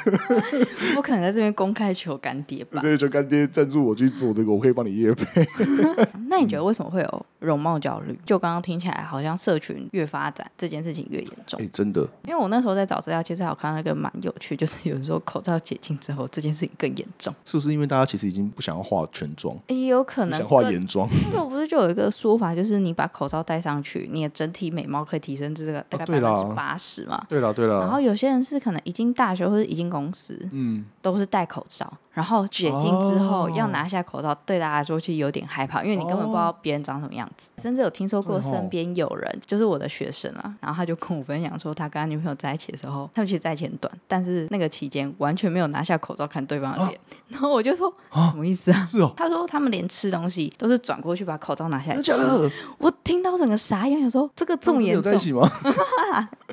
我 [laughs] [laughs] 可能在這邊公開求乾爹吧。對，求乾爹贊助我去做這個，我可以幫你業配。 [laughs] [laughs] 那你覺得為什麼會有容貌焦慮、嗯？就剛剛聽起來，好像社群越發展，這件事情越嚴重。哎、欸，真的。因為我那時候在找資料，其實還有看到一個蠻有趣，就是有人說口罩解禁之後，這件事情更嚴重。是不是因為大家其實已經不想要化全妝？也、欸、有可能想化眼妝。那時候不是就有一個說法？就是你把口罩戴上去，你的整體美貌可以提升至這個大概百分之八十嘛、啊對？對了，對了。然後有些人是可能一進大學或者一進公司，嗯，都是戴口罩。然後解禁之後、哦、要拿下口罩，對大家來說其實有點害怕，因為你根本不知道別人長什麼樣子。哦、甚至有聽說過身邊有人、哦，就是我的學生啊，然後他就跟我分享說，他跟他女朋友在一起的時候，他們其實在一起很短，但是那個期間完全沒有拿下口罩看對方的臉。啊、然後我就說，什麼意思啊，啊？是哦。他說他們連吃東西都是轉過去把口罩拿下來吃。啊 [noise] 我聽到整個傻眼，想說這個這麼嚴重。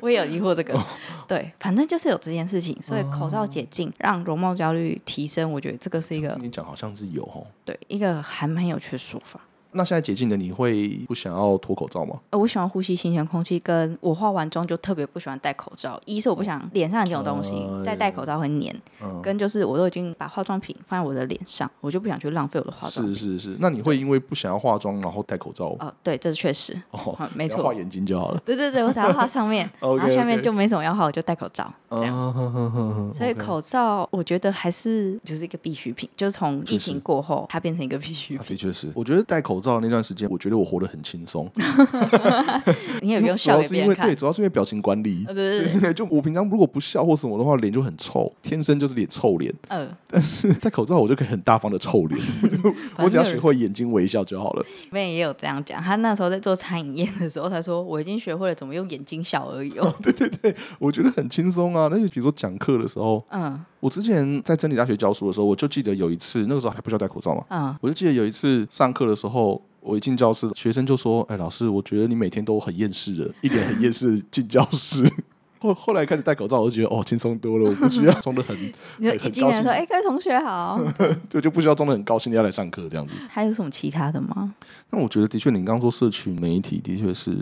[laughs] 我也有疑惑這個，對，反正就是有這件事情，所以口罩解禁讓容貌焦慮提升，我覺得這個是一個你講好像是有齁，對，一個還蠻有趣的說法。那現在解禁的你會不想要脫口罩嗎？呃，我喜歡呼吸新鮮空氣，跟我化完妝就特別不喜歡戴口罩。一是我不想臉上這種東西、嗯，再戴口罩會黏、嗯，跟就是我都已經把化妝品放在我的臉上，我就不想去浪費我的化妝。是是是，那你會因為不想要化妝，然後戴口罩對、呃？對，這是確實。哦，嗯、沒錯，畫眼睛就好了。對對對，我只要畫上面， [laughs] okay, okay. 然後下面就沒什麼要畫，我就戴口罩。這樣，嗯 okay. 所以口罩我覺得還是就是一個必需品。就是從疫情過後，是是它變成一個必需品。的、啊、確、就是，我覺得戴口。口罩那段時間，我覺得我活得很輕鬆。你也不用笑給別人看 [laughs] 對、對，主要是因為表情管理。對，就我平常如果不笑或什麼的話，臉就很臭，天生就是臉臭臉。但是戴口罩我就可以很大方的臭臉。呃、 [laughs] 我、只 [laughs] 我只要學會眼睛微笑就好了。妹也有這樣講，他那時候在做餐飲業的時候，他說我已經學會了怎麼用眼睛笑而已哦。哦，對對對，我覺得很輕鬆啊。那就比如說講課的時候，嗯，我之前在真理大學教書的時候，我就記得有一次，那個時候還不需要戴口罩嘛，嗯，我就記得有一次上課的時候。我一進教室，學生就說：“哎、欸，老師，我覺得你每天都很厭世的，一臉很厭世進教室。 [laughs] ”後後來開始戴口罩，我就覺得哦，輕鬆多了，我不需要裝的很。 [laughs] 你就一進來說，哎、欸，各位同學好， [laughs] 對，就不需要裝的很高興，你要來上課這樣子。還有什麼其他的嗎？那我覺得，的確，你剛剛說社群媒體的確是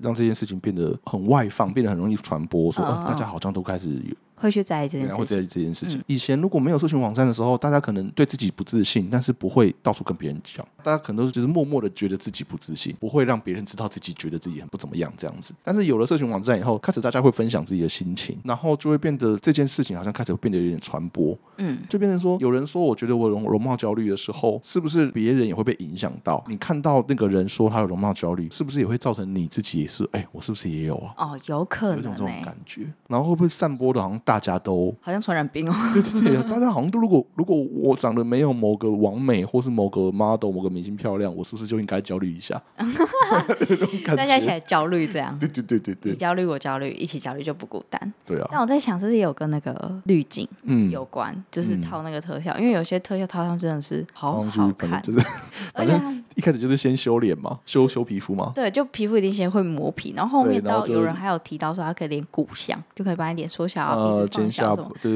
讓這件事情變得很外放，變得很容易傳播。說，嗯、哦哦呃，大家好像都開始有會去在意這件事，會在意這件事情。啊，會在意這件事情。嗯。以前如果沒有社群網站的時候，大家可能對自己不自信，但是不會到處跟別人講。大家可能都是就是默默的覺得自己不自信，不會讓別人知道自己覺得自己很不怎麼樣這樣子。但是有了社群網站以後，開始大家會分享。自己的心情，然後就會變得這件事情好像開始變得有點傳播，嗯，就變成說有人說，我覺得我容容貌焦慮的時候，是不是別人也會被影響到？你看到那個人說他有容貌焦慮，是不是也會造成你自己也是？哎、欸，我是不是也有啊？哦，有可能、欸、有種這種感覺，然後會不會散播的？好像大家都好像傳染病哦，對對對，大家好像都如果如果我長得沒有某個完美，或是某個 model、某個明星漂亮，我是不是就應該焦慮一下？大家一起來焦慮這樣？對對對對對，你焦慮我焦慮，一起焦慮就。不孤單，對啊。但我在想，是不是也有跟那個濾鏡嗯有關嗯，就是套那個特效？因為有些特效套上真的是好好看，是反正就是、就是。而且，啊、一開始就是先修臉嘛，修修皮膚嘛。對，就皮膚已經先會磨皮，然後後面到有人還有提到說它可以連骨相，就可以把你臉縮小，一直縮小什麼。下，對，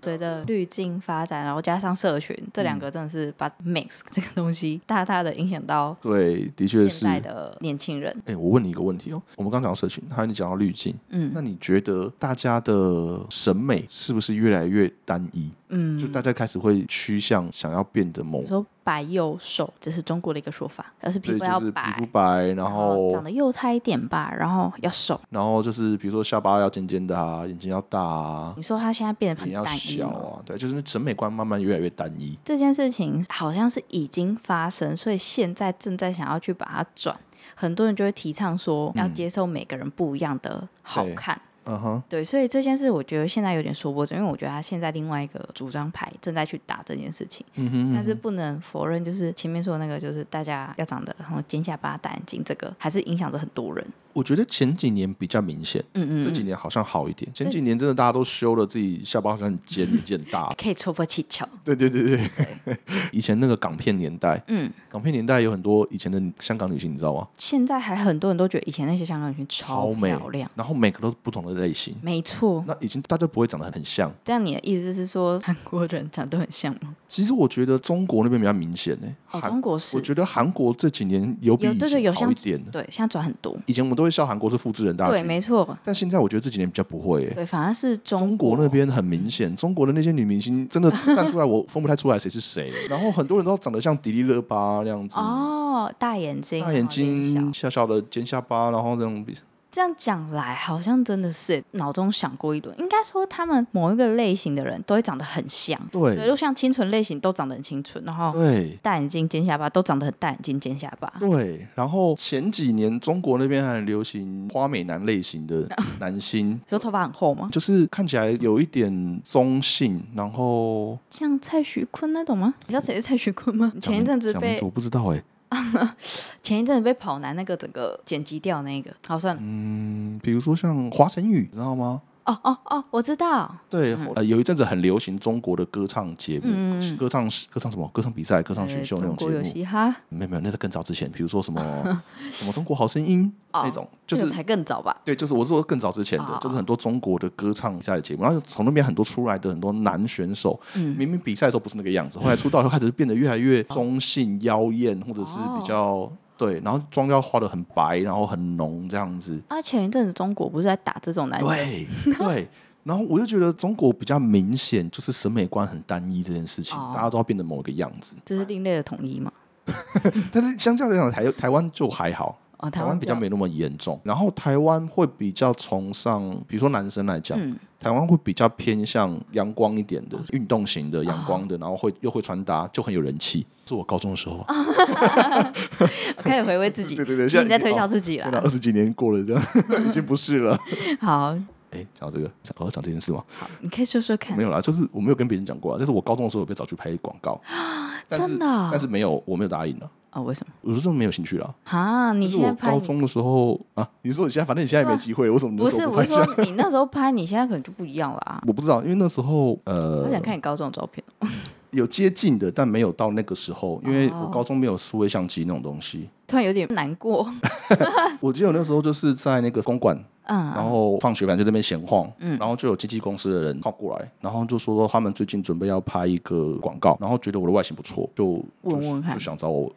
隨著濾鏡發展，然後加上社群，嗯、這兩個真的是把 mix 這個東西大大的影響到。對，的確是現在的年輕人。哎、欸，我問你一個問題哦、喔，我們剛講到社群，還有你講到濾鏡，嗯，你覺得大家的審美是不是越來越單一？嗯，就大家開始會趨向想要變得某說白幼瘦，這是中國的一個說法，而是皮膚要白，就是、皮膚白，然後長得幼態一點吧，然後要瘦，然後就是比如說下巴要尖尖的啊，眼睛要大啊。你說它現在變得小、啊、很單一、哦、對，就是那審美觀慢慢越來越單一。這件事情好像是已經發生，所以現在正在想要去把它轉。很多人就會提倡說，要接受每個人不一樣的好看。嗯，對。嗯哼，對，所以這件事我覺得現在有點說不準，因為我覺得他現在另外一個主張牌正在去打這件事情，嗯哼嗯哼，但是不能否認，就是前面說的那個，就是大家要長得然後尖下巴、大眼睛，這個還是影響着很多人。我覺得前幾年比較明顯，嗯嗯，嗯，這幾年好像好一點。前幾年真的大家都修了自己下巴好像很尖，很尖、尖大，可以戳破氣球。對對對對， [laughs] 以前那個港片年代，嗯， [laughs] 港片年代有很多以前的香港女星，你知道嗎？現在還很多人都覺得以前那些香港女星超漂亮超美，然後每個都是不同的。類型沒錯，嗯，那已經大家不會長得很像。但你的意思是說，韓國人長得都很像嗎？其實我覺得中國那邊比較明顯呢，欸。韓、哦、國是，我覺得韓國這幾年有比以前好，對對，有像一點，有，對，現在轉很多。以前我們都會笑韓國是複製人大，大家對沒錯。但現在我覺得這幾年比較不會，欸，對，反而是中國，中國那邊很明顯。中國的那些女明星真的站出來，我分不太出來誰是誰。 [laughs] 然後很多人都長得像迪麗熱巴那樣子，哦，大眼睛，大眼睛，小、小小的尖下巴，然後那種比這樣講來，好像真的是腦中想過一輪。應該說，他們某一個類型的人都會長得很像，對，比如像清純類型都長得很清純，然後對，大眼睛尖下巴都長得很大眼睛尖下巴。對，然後前幾年中國那邊還很流行花美男類型的男星，就 [laughs] 頭髮很厚嗎？就是看起來有一點中性，然後像蔡徐坤那種嗎？你知道誰是蔡徐坤嗎？你前一陣子被，我不知道哎、欸。 [laughs] 前一陣子被跑男那個整個剪輯掉那個，好像嗯，比如說像華晨宇，知道嗎？哦哦哦，我知道。對、嗯，呃，有一陣子很流行中國的歌唱節目，嗯、歌，歌唱、歌唱什麼？歌唱比賽、歌唱選秀那種節目。哈。沒有沒有，那是更早之前，比如說什麼 [laughs] 什麼《中國好聲音》哦、那種，就是這才更早吧？對，就是我說更早之前的、哦，就是很多中國的歌唱賽的節目，然後從那邊很多出來的很多男選手、嗯，明明比賽的時候不是那個樣子，後來出道後開始就變得越來越中性、妖豔、哦，或者是比較。對，然後妝要化得很白，然後很濃這樣子。啊，前一陣子中國不是在打這種男生？對 [laughs] 對。然後我就覺得中國比較明顯，就是審美觀很單一這件事情，哦、大家都要變得某一個樣子。這是另類的統一嗎？ [laughs] 但是相較來講，台台灣就還好。啊、哦，台灣比較沒那麼嚴重，然後台灣會比較崇尚，比如說男生來講、嗯，台灣會比較偏向陽光一點的，運、嗯、動型的，陽光的、哦，然後會又會穿搭，就很有人氣。是我高中的時候，開、哦、始 [laughs] [laughs] 回味自己，對 [laughs] 對對，現在你在推銷自己了。二、哦、十幾年過了，這樣 [laughs] 已經不是了。 [laughs] 好，哎、欸，講到這個，講講這件事嗎？好，你可以說說看。 [laughs] 沒有啦，就是我沒有跟別人講過，就是我高中的時候我被找去拍廣告啊，但是真的、哦、但是沒有，我沒有答應了。啊、哦，為什麼？我是真的沒有興趣了。啊、就是，你現在拍高中的時候啊，你說你現在，反正你現在也沒機會，不我怎麼不是？我說你那時候拍，你現在可能就不一樣了。 [laughs] 我不知道，因為那時候呃，我想看你高中的照片， [laughs] 有接近的，但沒有到那個時候，因為我高中沒有數位相機那種東西。哦、突然有點難過。 [laughs] [laughs] 我記得那時候就是在那個公館，嗯、啊，然後放學反正就在那邊閒晃，嗯，然後就有經紀公司的人靠過來，然後就說，說他們最近準備要拍一個廣告，然後覺得我的外形不錯，就問問看就想找我。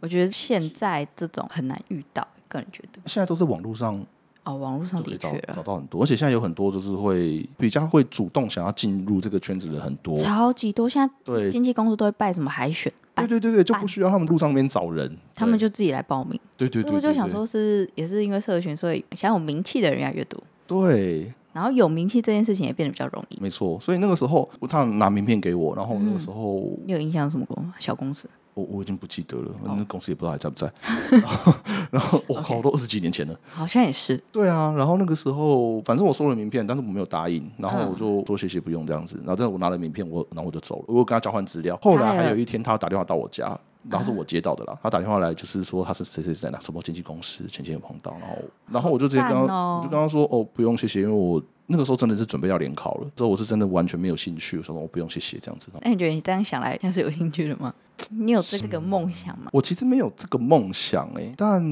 我覺得現在這種很難遇到，個人覺得。現在都是網絡上哦，網絡上的確找到很多，而且現在有很多就是會，比較會主動想要進入這個圈子的很多，超級多。現在對經紀公司都會辦什麼海選，對對對、對就不需要他們路上面找人，他們就自己來報名。對對對、對、對、對，我就想說是，是也是因為社群，所以想有名氣的人越來越多。對。然後有名氣這件事情也變得比較容易，沒錯。所以那個時候他拿名片給我，然後那個時候有印象什麼公司？小公司，我我已經不記得了、哦，那公司也不知道還在不在。 [laughs] 然後我靠，okay，都二十幾年前了，好像也是。對啊，然後那個時候反正我收了名片，但是我沒有答應。然後我就說謝謝，不用這樣子。然後但是我拿了名片，我然後我就走了。我跟他交換資料。後來還有一天他打電話到我家。哎呃然後是我接到的啦，他打電話來就是說他是誰誰誰在哪什麼經紀公司，前幾天有碰到，然後、哦、然後我就直接跟他，我就跟他說哦不用謝謝，因為我。那個時候真的是準備要聯考了，之後我是真的完全沒有興趣，我說，說我不用去寫這樣子。那你覺得你這樣想來像是有興趣的嗎？你有對這個夢想嗎？嗎我其實沒有這個夢想哎、欸，但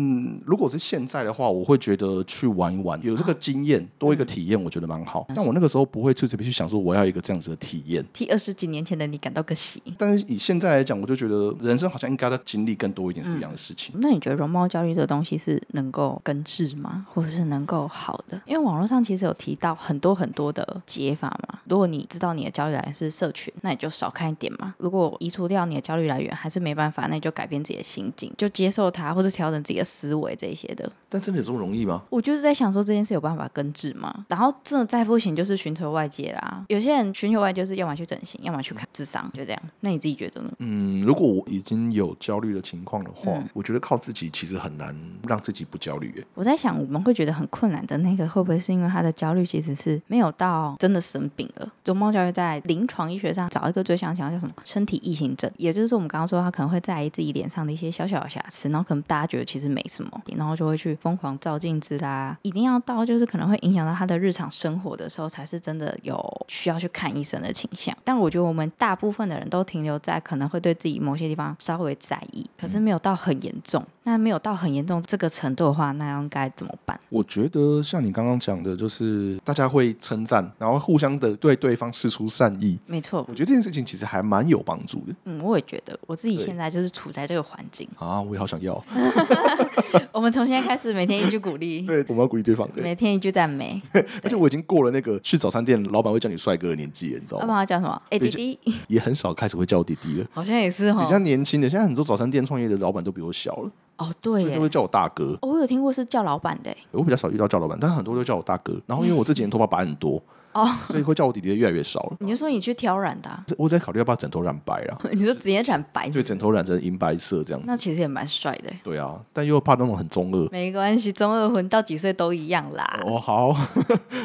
如果是現在的話，我會覺得去玩一玩，有這個經驗，啊、多一個體驗，我覺得蠻好、嗯。但我那個時候不會特別去想說我要一個這樣子的體驗。替二十幾年前的你感到可惜。但是以現在來講，我就覺得人生好像應該要經歷更多一點不一樣的事情、嗯。那你覺得容貌焦慮這個東西是能夠根治嗎？或者是能夠好的？因為網絡上其實有提到。很多很多的解法嘛。如果你知道你的焦慮來源是社群，那你就少看一點嘛。如果移除掉你的焦慮來源還是沒辦法，那你就改變自己的心境，就接受它，或者調整自己的思維這些的。但真的有這麼容易嗎？我就是在想說這件事有辦法根治嗎？然後真的再不行，就是尋求外界啦。有些人尋求外界，就是要麼去整形，要麼去看諮商，就這樣。那你自己覺得呢？嗯，如果我已經有焦慮的情況的話，嗯、我覺得靠自己其實很難讓自己不焦慮耶。我在想，我們會覺得很困難的那個，會不會是因為他的焦慮其實？是沒有到真的生病了。容貌焦慮在臨床醫學上找一個最像、想要叫什麼身體異形症，也就是我們剛剛說他可能會在意自己臉上的一些小小的瑕疵，然後可能大家覺得其實沒什麼，然後就會去瘋狂照鏡子啦、啊。一定要到就是可能會影響到他的日常生活的時候，才是真的有需要去看醫生的傾向。但我覺得我們大部分的人都停留在可能會對自己某些地方稍微在意，可是沒有到很嚴重。嗯、那沒有到很嚴重這個程度的話，那應該怎麼辦？我覺得像你剛剛講的，就是大家。他會稱讚，然後互相的對對方釋出善意。沒錯，我覺得這件事情其實還蠻有幫助的。嗯，我也覺得，我自己現在就是處在這個環境。啊，我也好想要。 [laughs] [laughs] [laughs] 我們從現在開始每天一句鼓勵， [laughs] 對，我們要鼓勵對方的。每天一句讚美，而且我已經過了那個去早餐店老闆會叫你帥哥的年紀了，你知道嗎？老闆叫什麼？A、欸、弟弟，也很少開始會叫我弟弟了。好像也是哈，比較年輕的。現在很多早餐店創業的老闆都比我小了。哦、oh,，對，都會叫我大哥、oh,。我有聽過是叫老闆的，我比較少遇到叫老闆，但是很多都叫我大哥。然後，因為我這幾年頭髮白很多。嗯哦、oh.，所以會叫我弟弟的越來越少了。你就說你去挑染的、啊，我在考慮要把枕頭染白了。 [laughs] 你說直接染白，對，枕頭染成銀白色這樣子，那其實也蠻帥的。對啊，但又怕那種很中二。沒關係，中二魂到幾歲都一樣啦。哦、oh,， [laughs] 好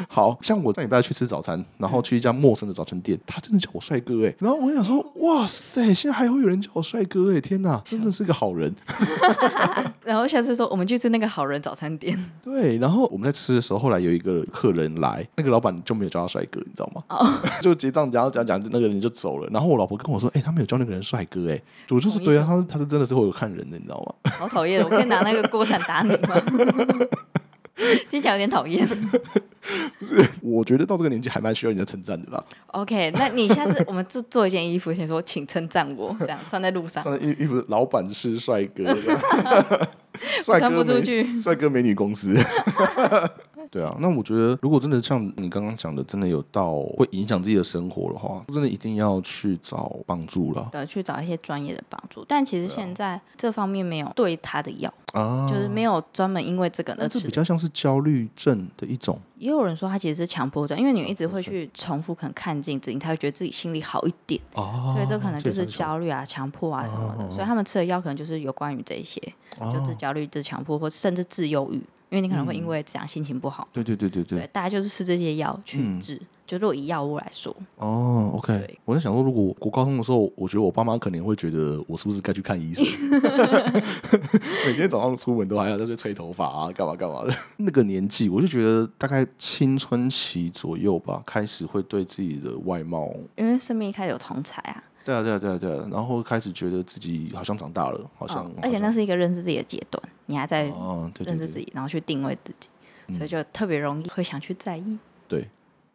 好像我上禮拜去吃早餐，然後去一家陌生的早餐店，嗯、他真的叫我帥哥哎、欸，然後我想說哇塞，現在還會有人叫我帥哥哎、欸，天哪，真的是個好人。 [laughs] [laughs] 然後下次說我們去吃那個好人早餐店。對，然後我們在吃的時候，後來有一個客人來，那個老板就沒有叫。帥哥，你知道嗎、oh.？就結賬，然後講講，那個人就走了。然後我老婆跟我說：“哎，他沒有叫那個人帥哥哎。”我就是對啊，他是他是真的是會有看人的，你知道嗎、oh. 好討厭？好討厭，我可以拿那個鍋鏟打你嗎？ [laughs] 聽起來有點討厭。不是，我覺得到這個年紀還蠻需要人家稱讚的啦。OK，那你下次我們做做一件衣服，先說請稱讚我，這樣穿在路上。穿在衣服，老闆是帥哥，帥哥 [laughs] 我穿不出去，帥哥美女公司。 [laughs] 對啊，那我覺得如果真的像你剛剛講的，真的有到會影響自己的生活的話，真的一定要去找幫助了。對，去找一些專業的幫助。但其實現在這方面沒有對他的藥、啊，就是沒有專門因為這個。而、啊。這比較像是焦慮症的一種。嗯也有人說他其實是強迫症，因為你們一直會去重複，可能看鏡子，你才會覺得自己心裡好一點，哦、所以這可能就是焦慮啊、強迫啊什麼的，所以他們吃的藥可能就是有關於這些，哦、就治焦慮、治強迫，或甚至治憂鬱，因為你可能會因為這樣心情不好，對、嗯、對對對對，對，大家就是吃這些藥去治。嗯就以藥物來說哦，OK。我在想說，如果我高中的時候，我覺得我爸媽可能會覺得我是不是該去看醫生？ [laughs] [laughs] 每天早上出門都還要在吹頭髮啊，幹嘛幹嘛的。那個年紀，我就覺得大概青春期左右吧，開始會對自己的外貌，因為生命一開始有同才同儕啊,啊，對啊，對啊，對啊，對啊。然後開始覺得自己好像長大了，好像，哦、而且那是一個認識自己的階段，你還在認識自己，哦、對對對然後去定位自己，所以就特別容易會想去在意，嗯、對。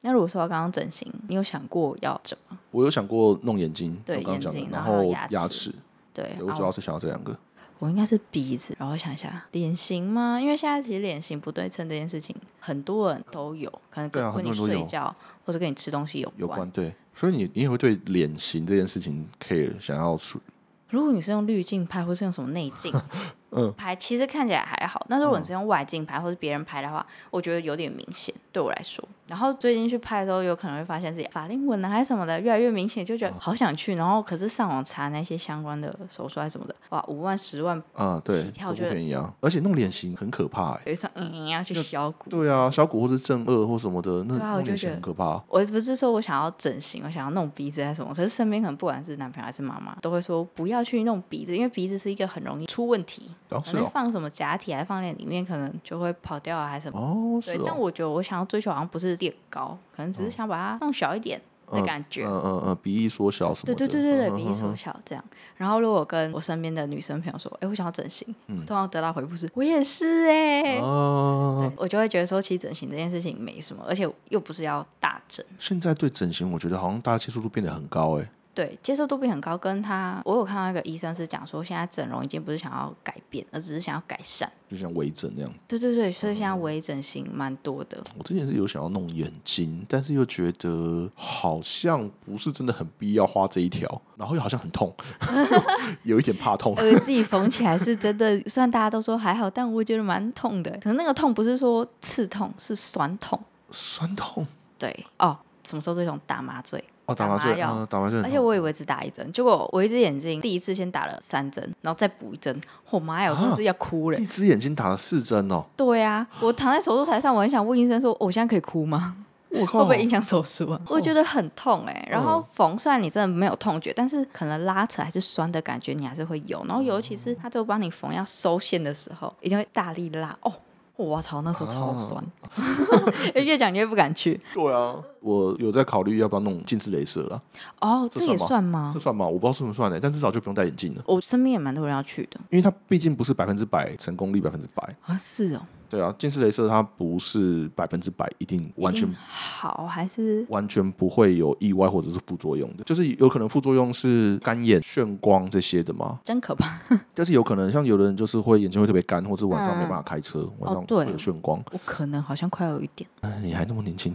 那如果說剛剛整形，你有想過要整嗎？我有想過弄眼睛，對眼睛，然後牙齒，牙齒對，對我主要是想要這兩個。我應該是鼻子，然後想一下臉型嗎？因為現在其實臉型不對稱這件事情，很多人都有可能跟你睡覺、啊、或者跟你吃東西有關有關。對，所以你你也會對臉型這件事情 care 想要處理。如果你是用濾鏡拍，或是用什麼內鏡 [laughs] 嗯拍，其實看起來還好。那如果你是用外鏡拍，或是別人拍的話，我覺得有點明顯。對我來說，然後最近去拍的時候，有可能會發現自己法令紋啊，還什麼的越來越明顯，就覺得好想去。然後可是上網查那些相關的手術還是什麼的，哇，五萬、十萬啊、嗯，對，不便宜啊、啊。而且弄臉型很可怕，哎，有一場嗯要去削骨，對啊，削骨或是正顎或什麼的，那、啊、我就覺得很可怕、啊。我不是說我想要整形，我想要弄鼻子還是什麼，可是身邊可能不管是男朋友還是媽媽，都會說不要去弄鼻子，因為鼻子是一個很容易出問題，啊、可能放什麼假體還放在裡面，可能就會跑掉、啊、還是什麼、啊、是哦。對哦，但我覺得我想要。追求好像不是越高，可能只是想把它弄小一點的感覺。嗯嗯鼻、嗯嗯、翼縮小什麼，對對對對鼻、嗯、翼縮小這樣、嗯。然後如果跟我身邊的女生朋友說：“哎，我想要整形。嗯”通常得到回復是：“我也是哎、欸。嗯”哦，我就會覺得說，其實整形這件事情沒什麼，而且又不是要大整。現在對整形，我覺得好像大家接受度變得很高哎、欸。對接受度比很高，跟他我有看到一個醫生是講說，現在整容已經不是想要改變，而只是想要改善，就像微整那樣。對對對，所以現在微整形蠻多的。呃，我之前是有想要弄眼睛，但是又覺得好像不是真的很必要花這一條，然後又好像很痛， [laughs] [laughs] 有一點怕痛。 [laughs] 而自己縫起來是真的，雖然大家都說還好，但我覺得蠻痛的。可能那個痛不是說刺痛，是酸痛。酸痛。對哦，什麼時候這種打麻醉？哦，打麻醉，打麻醉、哦、打麻醉，而且我以為只打一針、嗯，結果我一隻眼睛第一次先打了三針，然後再補一針。我、哦、媽、哦、呀，我真的是要哭了！一隻眼睛打了四針哦。對呀、啊，我躺在手術台上，我很想問醫生說、哦：“我現在可以哭嗎？會不會影響手術、啊哦？”我覺得很痛哎、欸。然後縫雖然你真的沒有痛覺，哦、但是可能拉扯還是酸的感覺你還是會有。然後尤其是他就後幫你縫要收線的時候，一、嗯、定會大力拉哦。我操，那時候超酸！啊、 [laughs] 越講越不敢去。 [laughs] 對啊。我有在考慮要不要弄近視雷射了。哦，這，這也算嗎？這算嗎？我不知道算不算的，但至少就不用戴眼鏡了。我、哦、身邊也蠻多人要去的，因為它畢竟不是百分之百成功率，百分之百啊、哦，是哦。對啊，近視雷射它不是百分之百一定完全定好，還是完全不會有意外或者是副作用的，就是有可能副作用是乾眼、眩光這些的嗎？真可怕。 [laughs] 但是有可能像有的人就是會眼睛會特別乾，或者晚上沒辦法開車，嗯、晚上會有眩光、哦對啊。我可能好像快有一點。哎、你還這麼年輕，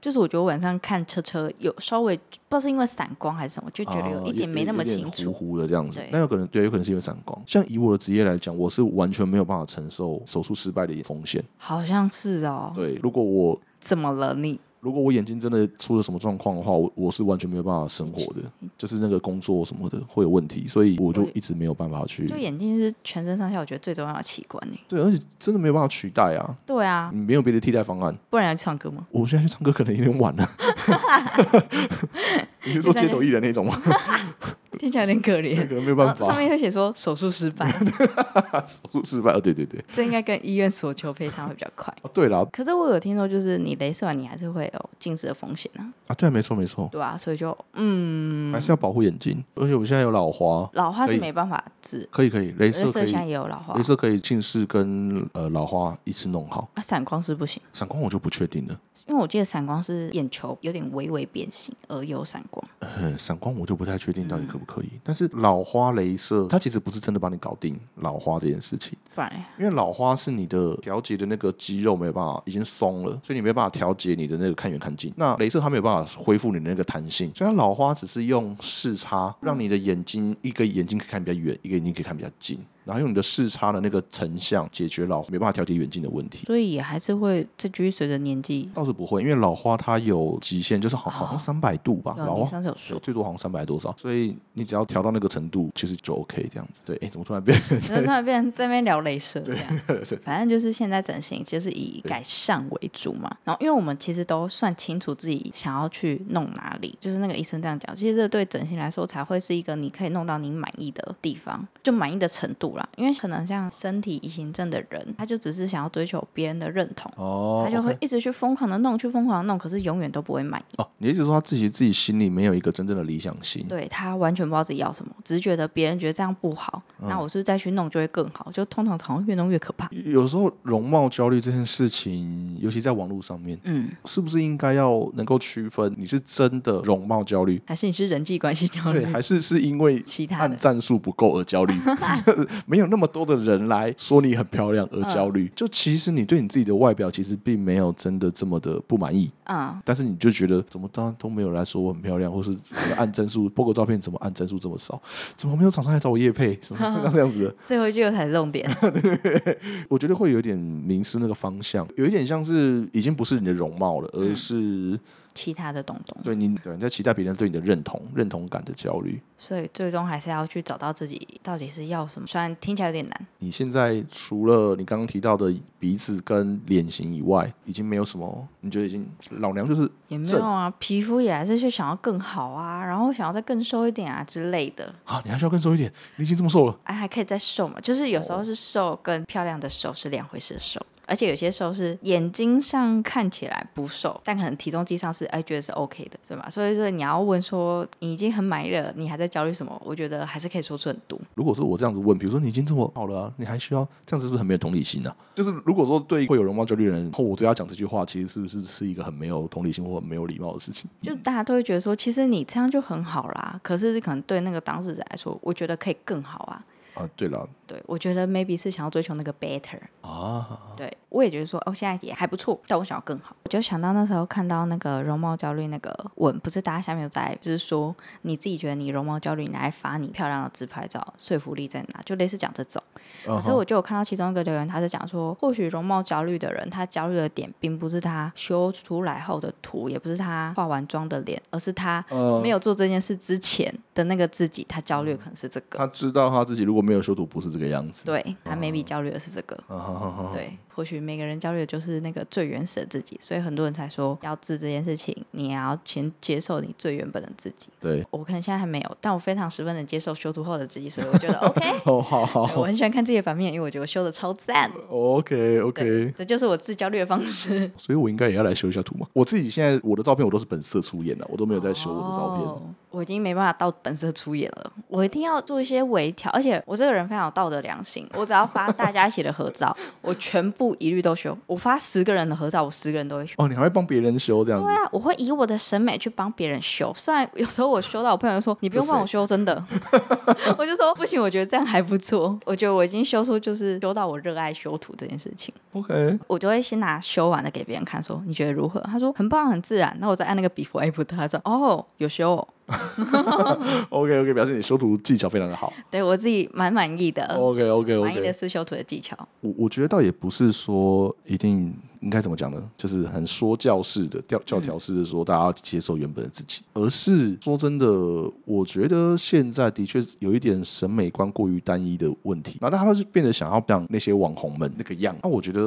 [laughs] 就是我覺得晚上看車車有稍微不知道是因為散光還是什麼，就覺得有一點沒那麼清楚，啊，糊糊的這樣子。那有可能對，有可能是因為散光。像以我的職業來講，我是完全沒有辦法承受手術失敗的一些風險。好像是哦。對，如果我怎麼了你？如果我眼睛真的出了什麼狀況的話，我我是完全沒有辦法生活的，就是那個工作什麼的會有問題，所以我就一直沒有辦法去。就眼睛就是全身上下我覺得最重要的器官對，而且真的沒有辦法取代啊。對啊。你沒有別的替代方案，不然要去唱歌嗎？我現在去唱歌可能有點晚了。 [laughs] [laughs] 你是說街頭藝人那種嗎？ [laughs] 聽起來有點可憐 [laughs] [laughs] 可能沒有辦法、啊哦。上面有寫說手術失敗 [laughs] 手術失敗哦，對對對。這應該跟醫院所求賠償會比較快哦、啊，對了，可是我有聽說，就是你雷射完，你還是會有近視的風險啊。啊，對啊，沒錯沒錯。對啊，所以就嗯，還是要保護眼睛。而且我現在有老花，老花是沒辦法治。可以可以，雷射,雷射現在也有老花。雷射可以近視跟呃老花一次弄好啊。散光是不行，散光我就不確定了，因為我記得散光是眼球有點微微變形而有散光。嗯、閃光我就不太確定到底可不可以，嗯、但是老花雷射它其實不是真的幫你搞定老花這件事情，因為老花是你的調節的那個肌肉，沒有辦法，已經鬆了，所以你沒辦法調節你的那個看遠看近。那雷射它沒有辦法恢復你的那個彈性，所以它老花只是用視差讓你的眼睛，一個眼睛可以看比較遠，一個眼睛可以看比較近。然後用你的視差的那個成像，解決老沒辦法調節遠近的問題，所以也還是會居。這局隨着年紀倒是不會，因為老花它有極限，就是好像三百度吧，哦、老花三九十，最多好像三百多少，所以你只要調到那個程度，其實就 OK、是、這樣子。對，哎，怎麼突然變？怎麼突然變？在那邊聊鐳射，對，對 [laughs] 反正就是現在整形其實是以改善為主嘛。然後因為我們其實都算清楚自己想要去弄哪裡，就是那個醫生這樣講，其實這對整形來說才會是一個你可以弄到你滿意的地方，就滿意的程度啦。因為可能像身體移行症的人，他就只是想要追求別人的認同，哦、他就會一直去瘋狂的弄，去瘋狂的弄，可是永遠都不會滿意。哦，你一直說他自己自己心裡沒有一個真正的理想型，對他完全不知道自己要什麼，只是覺得別人覺得這樣不好，嗯、那我是不是再去弄就會更好，就通常常會越弄越可怕。有時候容貌焦慮這件事情，尤其在網絡上面，嗯，是不是應該要能夠區分你是真的容貌焦慮，還是你是人際關係焦慮，對，還是是因為按其他的戰術不夠而焦慮？ [laughs] [laughs] 沒有那麼多的人來說你很漂亮而焦慮，嗯，就其實你對你自己的外表其實並沒有真的這麼的不滿意。嗯、但是你就覺得怎麼當然都沒有來說我很漂亮，或是怎麼按讚數、拍 [laughs] 個照片怎麼按讚數這麼少，怎麼沒有廠商來找我業配什麼樣這樣子的呵呵。最後一句有才重點 [laughs] 對。我覺得會有點迷失那個方向，有一點像是已經不是你的容貌了，而是、嗯。其他的東東，對你，對你在期待別人對你的認同，認同感的焦慮。所以最終還是要去找到自己到底是要什麼，雖然聽起來有點難。你現在除了你剛剛提到的鼻子跟臉型以外，已經沒有什麼，你覺得已經老娘就是也沒有啊，皮膚也還是去想要更好啊，然後想要再更瘦一點啊之類的。好、啊，你還需要更瘦一點，你已經這麼瘦了，哎，還可以再瘦嘛？就是有時候是瘦跟漂亮的瘦是兩回事的瘦。而且有些時候是眼睛上看起來不瘦，但可能體重計上是哎、欸、覺得是 OK 的，對吧？所以說你要問說你已經很滿意了，你還在焦慮什麼？我覺得還是可以說出很多。如果說我這樣子問，比如說你已經這麼好了、啊，你還需要這樣子，是不是很沒有同理心呢、啊？就是如果說對會有容貌焦慮的人，然後我對他講這句話，其實是不是是一個很沒有同理心或很沒有禮貌的事情？就大家都會覺得說，其實你這樣就很好啦。可是可能對那個當事人來說，我覺得可以更好啊。啊，對了、啊，對，我覺得 maybe 是想要追求那個 better 啊，對。我也覺得說，哦，現在也還不錯，但我想要更好。我就想到那時候看到那個容貌焦慮那個文不是大家下面有在就是說，你自己覺得你容貌焦慮，你還發你漂亮的自拍照，說服力在哪？就類似講這種。可是。Uh-huh. 我就有看到其中一個留言，他是講說，或許容貌焦慮的人，他焦慮的點並不是他修出來後的圖，也不是他化完妝的臉，而是他沒有做這件事之前的那個自己，他焦慮的可能是這個。Uh -huh. 他知道他自己如果沒有修圖不是這個樣子，對他 maybe 焦慮的是這個。Uh -huh. 對。或許每個人焦慮的就是那個最原始的自己，所以很多人才說要治這件事情，你也要先接受你最原本的自己。對，我可能現在還沒有，但我非常十分能接受修圖後的自己，所以我覺得 OK。 [laughs] 哦，好好，我很喜歡看這些反面，因為我覺得我修的超讚、哦。OK OK，這就是我自焦慮的方式，所以我應該也要來修一下圖嘛。我自己現在我的照片我都是本色出演的，我都沒有在修我的照片。哦我已經沒辦法到本色出演了，我一定要做一些微調。而且我這個人非常有道德良心，我只要發大家一起的合照， [laughs] 我全部一律都修。我發十個人的合照，我十個人都會修。哦，你還會幫別人修這樣子？對啊，我會以我的審美去幫別人修。雖然有時候我修到我朋友就說：“你不用幫我修，真的。” [laughs] [laughs] 我就說：“不行，我覺得這樣還不錯。”我覺得我已經修出就是修到我熱愛修圖這件事情。OK，我就會先拿修完的給別人看，說：“你覺得如何？”他說：“很棒，很自然。”那我再按那個 before after，他說：“哦，有修、哦。” [laughs] [laughs] okay, OK OK，表示你修圖技巧非常的好。對我自己蠻滿意的。OK OK 我、okay. 也是修圖的技巧。我我覺得倒也不是說一定。應該怎麼講呢？就是很說教式的，教教條式的說，大家要接受原本的自己，嗯、而是說真的，我覺得現在的確有一點審美觀過於單一的問題。然後大家就變得想要像那些網紅們那個樣，那、啊、我覺得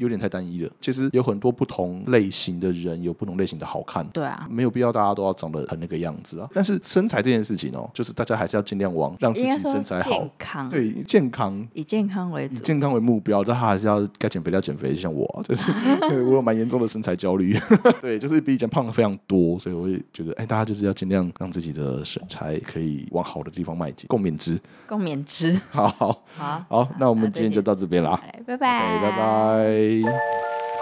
有點太單一了。其實有很多不同類型的人，有不同類型的好看。對啊，沒有必要大家都要長得很那個樣子啊。但是身材這件事情哦，就是大家還是要盡量往讓自己身材好，對健康，對健康以健康為以健康為目標，但他還是要該減肥要減肥，就像我就是。 [laughs] 對 [laughs] 我有蠻嚴重的身材焦慮， [laughs] 對，就是比以前胖了非常多，所以我也覺得，哎，大家就是要盡量讓自己的身材可以往好的地方邁進，共勉之，共勉之，好好好，好，好，好，那我們今天就到這邊啦，拜拜，拜拜。Okay, bye bye